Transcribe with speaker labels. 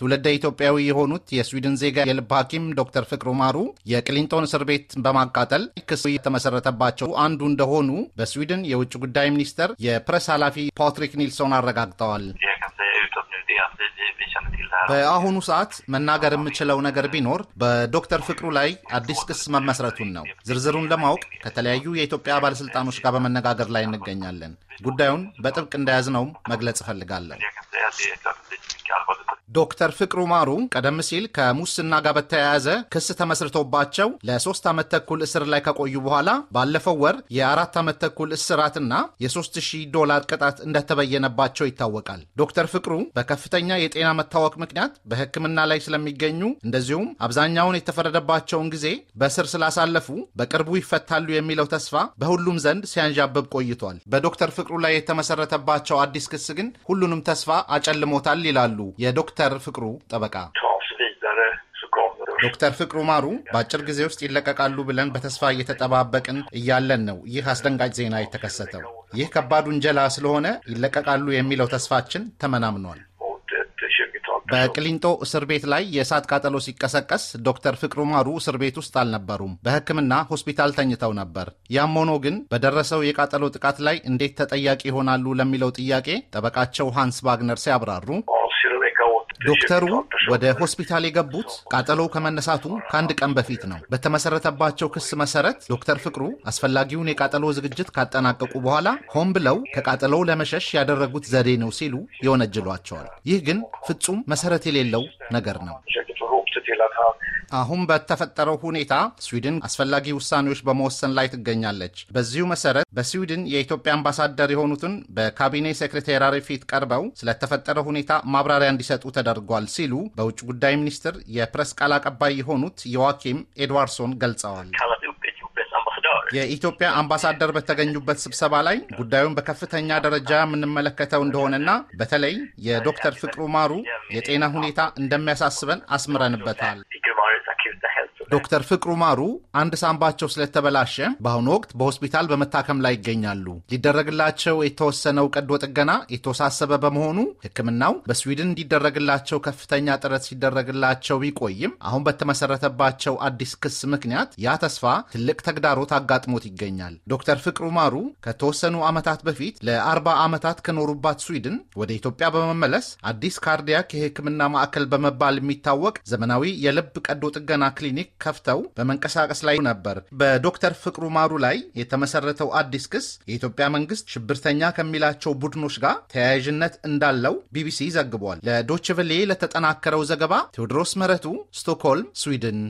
Speaker 1: ትውልደ ኢትዮጵያዊ የሆኑት የስዊድን ዜጋ የልብ ሐኪም ዶክተር ፍቅሩ ማሩ የክሊንቶን እስር ቤት በማቃጠል ክስ የተመሰረተባቸው አንዱ እንደሆኑ በስዊድን የውጭ ጉዳይ ሚኒስቴር የፕሬስ ኃላፊ ፓትሪክ ኒልሶን አረጋግጠዋል። በአሁኑ ሰዓት መናገር የምችለው ነገር ቢኖር በዶክተር ፍቅሩ ላይ አዲስ ክስ መመስረቱን ነው። ዝርዝሩን ለማወቅ ከተለያዩ የኢትዮጵያ ባለስልጣኖች ጋር በመነጋገር ላይ እንገኛለን። ጉዳዩን በጥብቅ ነው መግለጽ እፈልጋለን። ዶክተር ፍቅሩ ማሩ ቀደም ሲል ከሙስና ጋር በተያያዘ ክስ ተመስርቶባቸው ለሶስት ዓመት ተኩል እስር ላይ ከቆዩ በኋላ ባለፈው ወር የአራት ዓመት ተኩል እስራትና የ3000 ዶላር ቅጣት እንደተበየነባቸው ይታወቃል። ዶክተር ፍቅሩ በከፍተኛ የጤና መታወቅ ምክንያት በሕክምና ላይ ስለሚገኙ እንደዚሁም አብዛኛውን የተፈረደባቸውን ጊዜ በስር ስላሳለፉ በቅርቡ ይፈታሉ የሚለው ተስፋ በሁሉም ዘንድ ሲያንዣብብ ቆይቷል። በዶክተር ፍቅሩ ፍቅሩ ላይ የተመሰረተባቸው አዲስ ክስ ግን ሁሉንም ተስፋ አጨልሞታል ይላሉ የዶክተር ፍቅሩ ጠበቃ። ዶክተር ፍቅሩ ማሩ በአጭር ጊዜ ውስጥ ይለቀቃሉ ብለን በተስፋ እየተጠባበቅን እያለን ነው ይህ አስደንጋጭ ዜና የተከሰተው። ይህ ከባድ ውንጀላ ስለሆነ ይለቀቃሉ የሚለው ተስፋችን ተመናምኗል። ሆስፒታል። በቅሊንጦ እስር ቤት ላይ የእሳት ቃጠሎ ሲቀሰቀስ ዶክተር ፍቅሩ ማሩ እስር ቤት ውስጥ አልነበሩም፣ በሕክምና ሆስፒታል ተኝተው ነበር። ያም ሆኖ ግን በደረሰው የቃጠሎ ጥቃት ላይ እንዴት ተጠያቂ ይሆናሉ ለሚለው ጥያቄ ጠበቃቸው ሃንስ ባግነር ሲያብራሩ ዶክተሩ ወደ ሆስፒታል የገቡት ቃጠሎ ከመነሳቱ ከአንድ ቀን በፊት ነው። በተመሰረተባቸው ክስ መሰረት ዶክተር ፍቅሩ አስፈላጊውን የቃጠሎ ዝግጅት ካጠናቀቁ በኋላ ሆን ብለው ከቃጠሎው ለመሸሽ ያደረጉት ዘዴ ነው ሲሉ ይወነጅሏቸዋል። ይህ ግን ፍጹም መሰረት የሌለው ነገር ነው። ይላታል። አሁን በተፈጠረው ሁኔታ ስዊድን አስፈላጊ ውሳኔዎች በመወሰን ላይ ትገኛለች። በዚሁ መሰረት በስዊድን የኢትዮጵያ አምባሳደር የሆኑትን በካቢኔ ሴክሬታሪ ፊት ቀርበው ስለተፈጠረ ሁኔታ ማብራሪያ እንዲሰጡ ተደርጓል ሲሉ በውጭ ጉዳይ ሚኒስትር የፕሬስ ቃል አቀባይ የሆኑት ዮዋኪም ኤድዋርድሶን ገልጸዋል። የኢትዮጵያ አምባሳደር በተገኙበት ስብሰባ ላይ ጉዳዩን በከፍተኛ ደረጃ የምንመለከተው እንደሆነና በተለይ የዶክተር ፍቅሩ ማሩ የጤና ሁኔታ እንደሚያሳስበን አስምረንበታል። ዶክተር ፍቅሩ ማሩ አንድ ሳምባቸው ስለተበላሸ በአሁኑ ወቅት በሆስፒታል በመታከም ላይ ይገኛሉ። ሊደረግላቸው የተወሰነው ቀዶ ጥገና የተወሳሰበ በመሆኑ ሕክምናው በስዊድን እንዲደረግላቸው ከፍተኛ ጥረት ሲደረግላቸው ቢቆይም አሁን በተመሰረተባቸው አዲስ ክስ ምክንያት ያ ተስፋ ትልቅ ተግዳሮት አጋጥሞት ይገኛል። ዶክተር ፍቅሩ ማሩ ከተወሰኑ ዓመታት በፊት ለአርባ ዓመታት ከኖሩባት ስዊድን ወደ ኢትዮጵያ በመመለስ አዲስ ካርዲያክ የሕክምና ማዕከል በመባል የሚታወቅ ዘመናዊ የልብ ቀዶ የቀዶ ጥገና ክሊኒክ ከፍተው በመንቀሳቀስ ላይ ነበር። በዶክተር ፍቅሩ ማሩ ላይ የተመሰረተው አዲስ ክስ የኢትዮጵያ መንግስት ሽብርተኛ ከሚላቸው ቡድኖች ጋር ተያያዥነት እንዳለው ቢቢሲ ዘግቧል። ለዶችቭሌ ለተጠናከረው ዘገባ ቴዎድሮስ መረቱ፣ ስቶክሆልም፣ ስዊድን